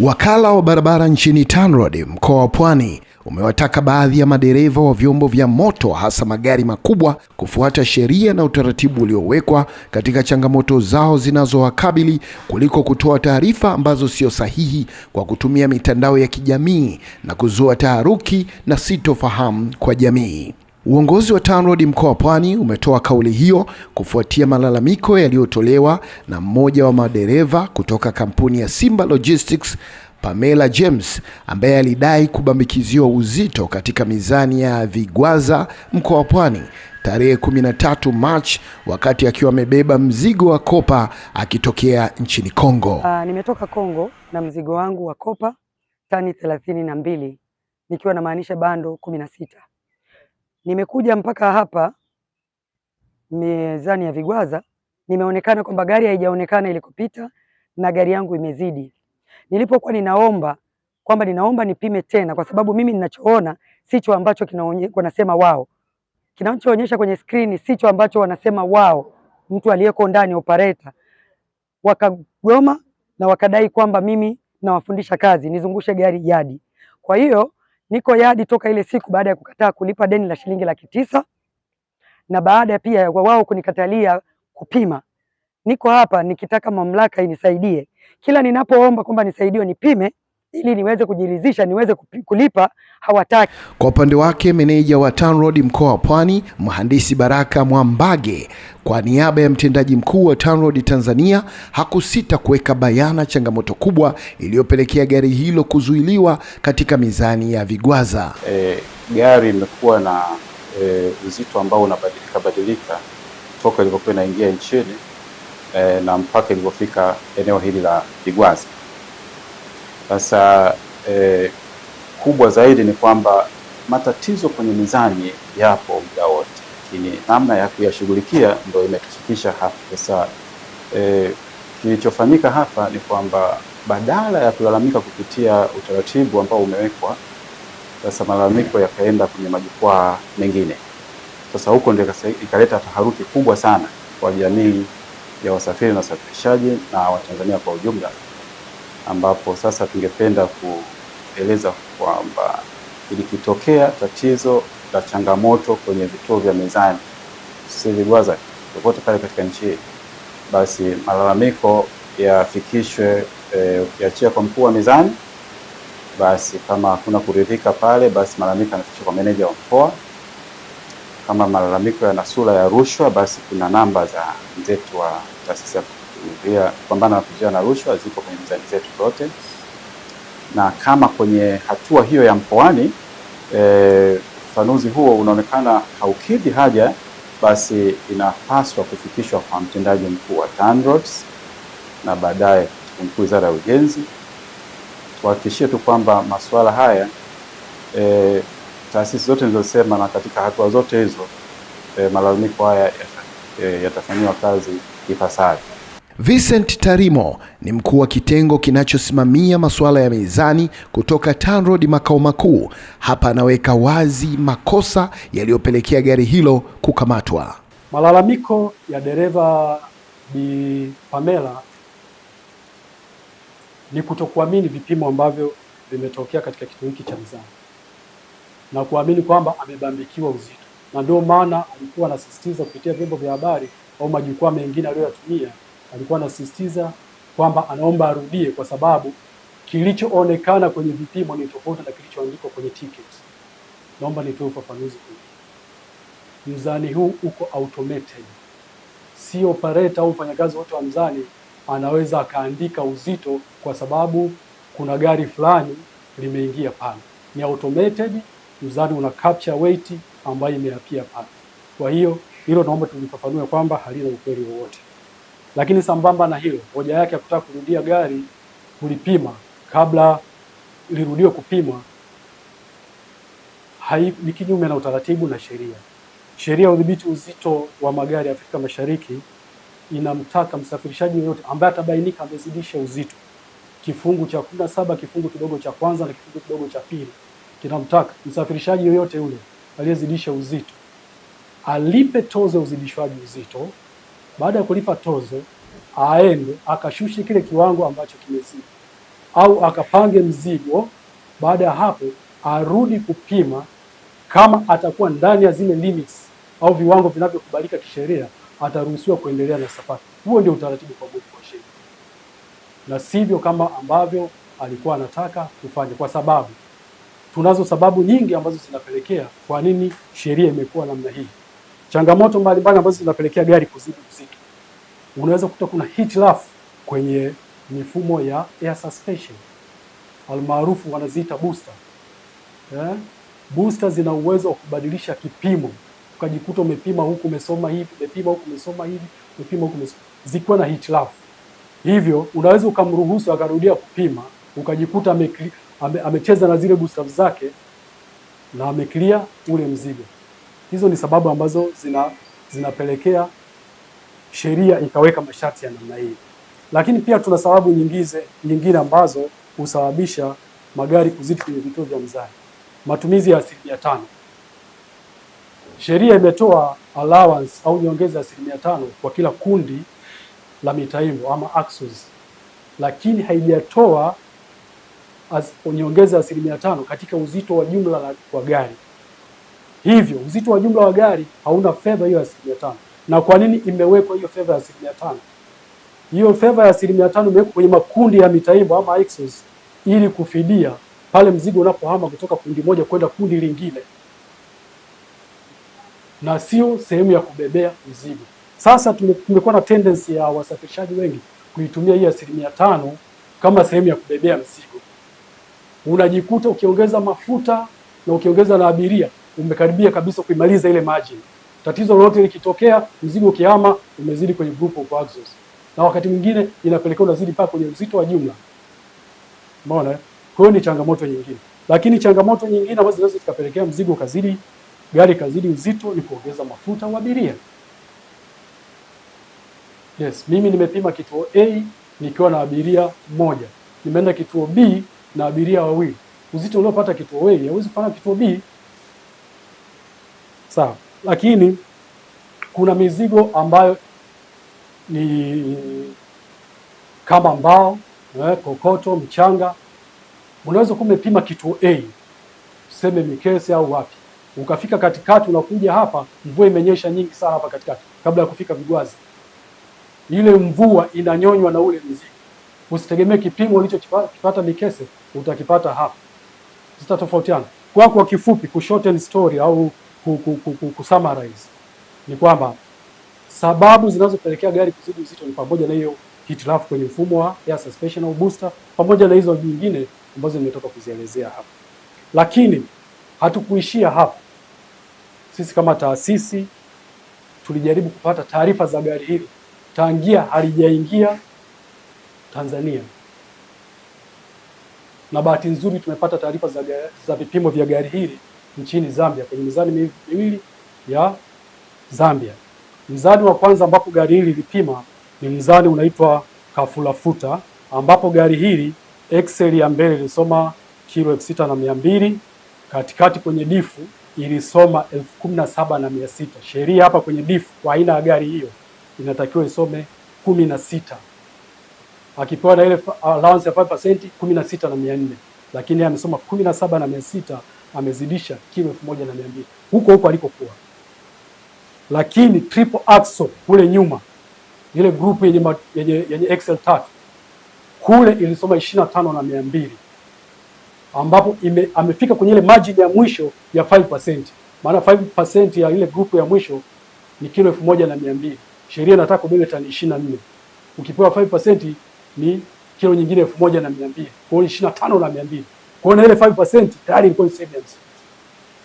Wakala wa barabara nchini TANROADS mkoa wa Pwani umewataka baadhi ya madereva wa vyombo vya moto hasa magari makubwa kufuata sheria na utaratibu uliowekwa katika changamoto zao zinazowakabili kuliko kutoa taarifa ambazo sio sahihi kwa kutumia mitandao ya kijamii na kuzua taharuki na sitofahamu kwa jamii. Uongozi wa TANROADS mkoa wa Pwani umetoa kauli hiyo kufuatia malalamiko yaliyotolewa na mmoja wa madereva kutoka kampuni ya Simba Logistics, Pamela James, ambaye alidai kubambikiziwa uzito katika mizani ya Vigwaza mkoa wa Pwani tarehe 13 Machi wakati akiwa amebeba mzigo wa kopa akitokea nchini Kongo. Uh, nimetoka Kongo na mzigo wangu wa kopa tani thelathini na mbili nikiwa namaanisha bando kumi na sita Nimekuja mpaka hapa mezani ya Vigwaza, nimeonekana kwamba gari haijaonekana ilikopita na gari yangu imezidi. Nilipokuwa ninaomba kwamba ninaomba nipime tena, kwa sababu mimi ninachoona sicho ambacho wanasema wao, kinachoonyesha kwenye skrini sicho ambacho wanasema wao. Mtu aliyeko ndani opareta. wakagoma na wakadai kwamba mimi nawafundisha kazi, nizungushe gari yadi. Kwa hiyo niko yadi toka ile siku baada ya kukataa kulipa deni la shilingi laki tisa na baada pia ya wao kunikatalia kupima. Niko hapa nikitaka mamlaka inisaidie, kila ninapoomba kwamba nisaidiwe nipime ili niweze kujiridhisha niweze kulipa hawataki. Kwa upande wake meneja wa TANROAD mkoa wa Pwani mhandisi Baraka Mwambage kwa niaba ya mtendaji mkuu wa TANROAD Tanzania hakusita kuweka bayana changamoto kubwa iliyopelekea gari hilo kuzuiliwa katika mizani ya vigwaza. E, gari imekuwa na e, uzito ambao unabadilika badilika toka ilivyokuwa inaingia nchini e, na mpaka ilivyofika eneo hili la vigwaza. Sasa eh, kubwa zaidi ni kwamba matatizo kwenye mizani yapo muda wote, lakini namna ya kuyashughulikia ndio imetufikisha hapa. Sasa eh, kilichofanyika hapa ni kwamba badala ya kulalamika kupitia utaratibu ambao umewekwa, sasa malalamiko yakaenda kwenye majukwaa mengine. Sasa huko ndio ikaleta taharuki kubwa sana kwa jamii ya wasafiri na wasafirishaji na Watanzania kwa ujumla ambapo sasa tungependa kueleza kwamba ilikitokea tatizo la changamoto kwenye vituo vya mizani SIVIBWAZA popote pale katika nchi hii, basi malalamiko yafikishwe e, kwa mkuu wa mizani. Basi kama hakuna kuridhika pale, basi malalamiko yanafikishwa kwa meneja wa mkoa. Kama malalamiko yana sura ya rushwa, basi kuna namba za mzetu wa taasisi ya pia kupambana na kuzuia na rushwa zipo kwenye mizani zetu zote, na kama kwenye hatua hiyo ya mkoani eh, ufafanuzi e, huo unaonekana haukidhi haja, basi inapaswa kufikishwa kwa mtendaji mkuu wa TANROADS na baadaye mkuu wizara ya ujenzi. Tuhakikishie tu kwamba masuala haya e, taasisi zote nilizosema na katika hatua zote hizo e, malalamiko haya yatafanyiwa e, kazi ipasavyo. Vincent Tarimo ni mkuu wa kitengo kinachosimamia masuala ya mizani kutoka TANROADS makao makuu. Hapa anaweka wazi makosa yaliyopelekea gari hilo kukamatwa. Malalamiko ya dereva Bi Pamela ni kutokuamini vipimo ambavyo vimetokea katika kituo hiki cha mizani na kuamini kwamba amebambikiwa uzito, na ndio maana alikuwa anasisitiza kupitia vyombo vya habari au majukwaa mengine aliyoyatumia alikuwa anasisitiza kwamba anaomba arudie kwa sababu kilichoonekana kwenye vipimo ni tofauti na kilichoandikwa kwenye ticket. Naomba nitoe ufafanuzi huu. Mzani huu uko automated, si operator au mfanyakazi wote wa mzani anaweza akaandika uzito kwa sababu kuna gari fulani limeingia pale. Ni automated, mzani una capture weight ambayo imeapia pale. Kwa hiyo hilo naomba tulifafanue kwamba halina ukweli wowote. Lakini sambamba na hilo, hoja yake ya kutaka kurudia gari kulipima kabla lirudiwe kupima hai, ni kinyume na utaratibu na sheria. Sheria ya udhibiti uzito wa magari Afrika Mashariki inamtaka msafirishaji yoyote ambaye atabainika amezidisha uzito, kifungu cha kumi na saba kifungu kidogo cha kwanza na kifungu kidogo cha pili kinamtaka msafirishaji yoyote yule aliyezidisha uzito alipe tozo ya uzidishwaji uzito baada ya kulipa tozo aende akashushe kile kiwango ambacho kimezidi, au akapange mzigo. Baada ya hapo arudi kupima, kama atakuwa ndani ya zile limits au viwango vinavyokubalika kisheria, ataruhusiwa kuendelea na safari. Huo ndio utaratibu kwa mujibu wa sheria, na sivyo kama ambavyo alikuwa anataka kufanya, kwa sababu tunazo sababu nyingi ambazo zinapelekea kwa nini sheria imekuwa namna hii changamoto mbalimbali ambazo zinapelekea gari kuzidi uzito. Unaweza kukuta kuna hitilafu kwenye mifumo ya air suspension almaarufu wanaziita booster. Eh? Booster zina uwezo wa kubadilisha kipimo, ukajikuta umepima huku umesoma hivi, umepima huku umesoma hivi, umepima huku umesoma, zikiwa na hitilafu hivyo, unaweza ukamruhusu akarudia kupima, ukajikuta amecheza ame, ame na zile booster zake na ameclear ule mzigo. Hizo ni sababu ambazo zina zinapelekea sheria ikaweka masharti ya namna hii, lakini pia tuna sababu nyingine nyingine ambazo husababisha magari kuzidi kwenye vituo vya mzani. Matumizi ya asilimia tano, sheria imetoa allowance au nyongeza ya asilimia tano kwa kila kundi la mitaimbo ama axles, lakini haijatoa nyongeza ya asilimia tano katika uzito wa jumla wa gari. Hivyo uzito wa jumla wa gari hauna fedha hiyo ya asilimia tano. Na kwa nini imewekwa hiyo fedha ya asilimia tano? Hiyo fedha ya asilimia tano imewekwa kwenye makundi ya mitaimbo ama axles, ili kufidia pale mzigo unapohama kutoka kundi moja kwenda kundi lingine, na sio sehemu ya kubebea mzigo. Sasa tumekuwa na tendency ya wasafirishaji wengi kuitumia hii asilimia tano kama sehemu ya kubebea mzigo. Unajikuta ukiongeza mafuta na ukiongeza na abiria umekaribia kabisa kuimaliza ile margin. Tatizo lolote likitokea, mzigo ukihama, umezidi kwenye group of axles, na wakati mwingine inapelekea unazidi mpaka kwenye uzito wa jumla. Umeona? Eh? Kwa hiyo ni changamoto nyingine, lakini changamoto nyingine ambazo zinaweza zikapelekea mzigo kazidi, gari kazidi uzito ni kuongeza mafuta wa abiria. Yes, mimi nimepima kituo A nikiwa na abiria moja, nimeenda kituo B na abiria wawili. Uzito uliopata kituo A hauwezi kufanana kituo B sawa, lakini kuna mizigo ambayo ni kama mbao, eh, kokoto, mchanga. Unaweza kuwa umepima kituo A tuseme Mikese au wapi, ukafika katikati, unakuja hapa, mvua imenyesha nyingi sana hapa katikati, kabla ya kufika Vigwazi, ile mvua inanyonywa na ule mzigo. Usitegemee kipimo ulichokipata Mikese utakipata hapa, zitatofautiana. Kwa kwa kifupi, kushorten story au kusummarize ni kwamba sababu zinazopelekea gari kuzidi uzito ni pamoja na hiyo hitilafu kwenye mfumo wa air suspension au booster, pamoja na hizo nyingine ambazo nimetoka kuzielezea hapa. Lakini hatukuishia hapo. Sisi kama taasisi tulijaribu kupata taarifa za gari hili tangia halijaingia Tanzania, na bahati nzuri tumepata taarifa za, za vipimo vya gari hili nchini Zambia kwenye mizani miwili ya Zambia. Mzani wa kwanza ambapo gari hili lilipima ni mzani unaitwa Kafulafuta, ambapo gari hili excel ya mbele ilisoma kilo elfu sita na mia mbili katikati kwenye difu ilisoma elfu kumi na saba na mia sita Sheria hapa kwenye difu kwa aina ya gari hiyo inatakiwa isome kumi na sita akipewa na ile allowance ya 5% kumi na sita na mia nne lakini amesoma kumi na saba na mia sita amezidisha kilo elfu moja na mia mbili huko huko alikokuwa, lakini triple axle kule nyuma ile grupu yenye, yenye, yenye excel tatu kule ilisoma ishirini na tano na mia mbili ambapo ime, amefika kwenye ile margin ya mwisho ya 5%. Maana 5% ya ile grupu ya mwisho ni kilo elfu moja na mia mbili sheria inataka ubebe tani ishirini na nne ukipewa 5% ni kilo nyingine elfu moja na mia mbili kwa hiyo ishirini na tano na mia mbili kwa na ile 5% tayari ilikuwa ni savings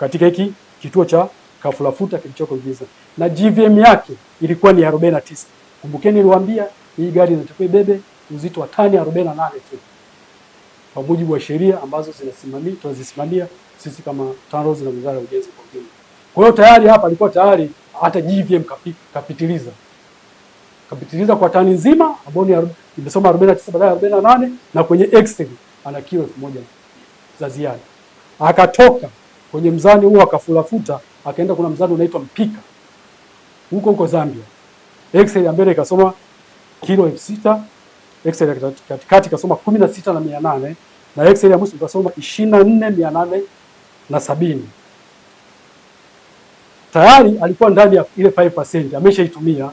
katika hiki kituo cha Futa kilichoko Giza na GVM yake ilikuwa ni 49. Kumbukeni niliwaambia hii gari inatakiwa ibebe uzito wa tani 48 tu kwa mujibu wa sheria ambazo zinasimamia tunazisimamia sisi kama TANROADS na Wizara ya Ujenzi kwa ujumla. Kwa hiyo tayari hapa alikuwa tayari hata GVM kapi, kapitiliza kapitiliza kwa tani nzima ambayo ni imesoma 49 badala ya 48 na kwenye excel ana kilo 1000 za ziada. Akatoka kwenye mzani huo akafulafuta, akaenda kuna mzani unaitwa Mpika huko huko Zambia. Excel ya mbele ikasoma kilo elfu sita Excel ya katikati ikasoma kumi na sita na mia nane na Excel ya mwisho ikasoma ishirini na nne mia nane na sabini. Tayari alikuwa ndani ya ile 5% ameshaitumia,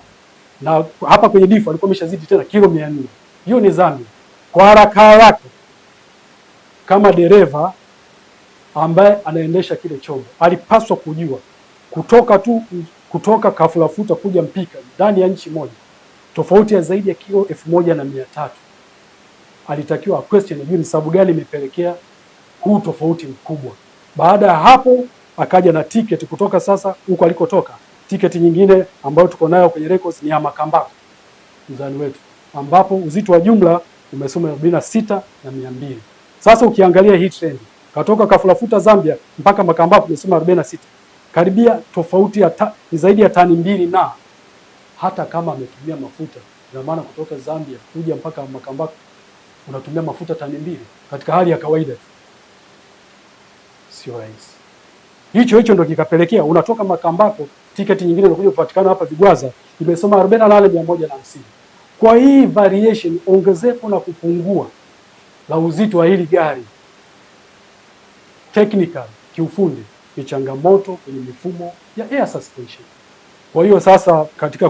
na hapa kwenye difu alikuwa ameshazidi tena kilo mia nne. Hiyo ni Zambia. Kwa haraka haraka kama dereva ambaye anaendesha kile chombo alipaswa kujua kutoka tu kutoka Kafulafuta kuja Mpika ndani ya nchi moja, tofauti ya zaidi ya kilo elfu moja na mia tatu alitakiwa question, ajue ni sababu gani imepelekea huu tofauti mkubwa. Baada ya hapo akaja na tiketi kutoka sasa huko alikotoka. Tiketi nyingine ambayo tuko nayo kwenye records ni ya Makambako mzani wetu, ambapo uzito wa jumla umesoma arobaini na sita na mia mbili. Sasa ukiangalia hii trend katoka kafulafuta Zambia mpaka Makamba tumesema 46 karibia tofauti ya ta, ni zaidi ya tani mbili, na hata kama ametumia mafuta, na maana kutoka Zambia kuja mpaka Makamba unatumia mafuta tani mbili katika hali ya kawaida, sio rahisi. Hicho hicho ndo kikapelekea unatoka Makambako, tiketi nyingine inakuja kupatikana hapa Vigwaza, imesoma 48150. Kwa hii variation, ongezeko na kupungua la uzito wa hili gari technical, kiufundi, ni changamoto kwenye mifumo ya air suspension. Kwa hiyo sasa, katika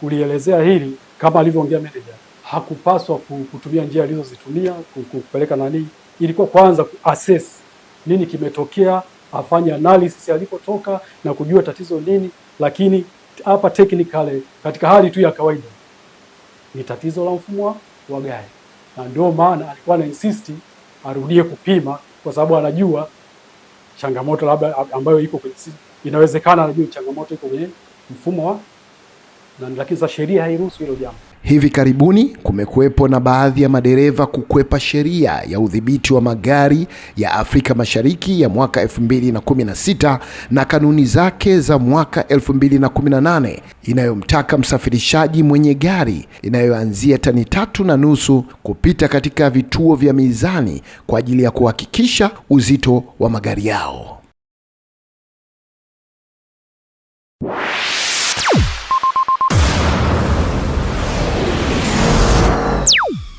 kulielezea hili kama alivyoongea manager, hakupaswa kutumia njia alizozitumia kupeleka nani, ilikuwa kwanza assess nini kimetokea, afanye analysis alipotoka na kujua tatizo nini, lakini hapa technically, katika hali tu ya kawaida, ni tatizo la mfumo wa gari na ndio maana alikuwa na insisti arudie kupima, kwa sababu anajua changamoto labda ambayo iko kwenye, inawezekana anajua changamoto iko kwenye mfumo wa, lakini sasa sheria hairuhusu hilo jambo. Hivi karibuni kumekuwepo na baadhi ya madereva kukwepa sheria ya udhibiti wa magari ya Afrika Mashariki ya mwaka 2016 na kanuni zake za mwaka 2018 inayomtaka msafirishaji mwenye gari inayoanzia tani tatu na nusu kupita katika vituo vya mizani kwa ajili ya kuhakikisha uzito wa magari yao.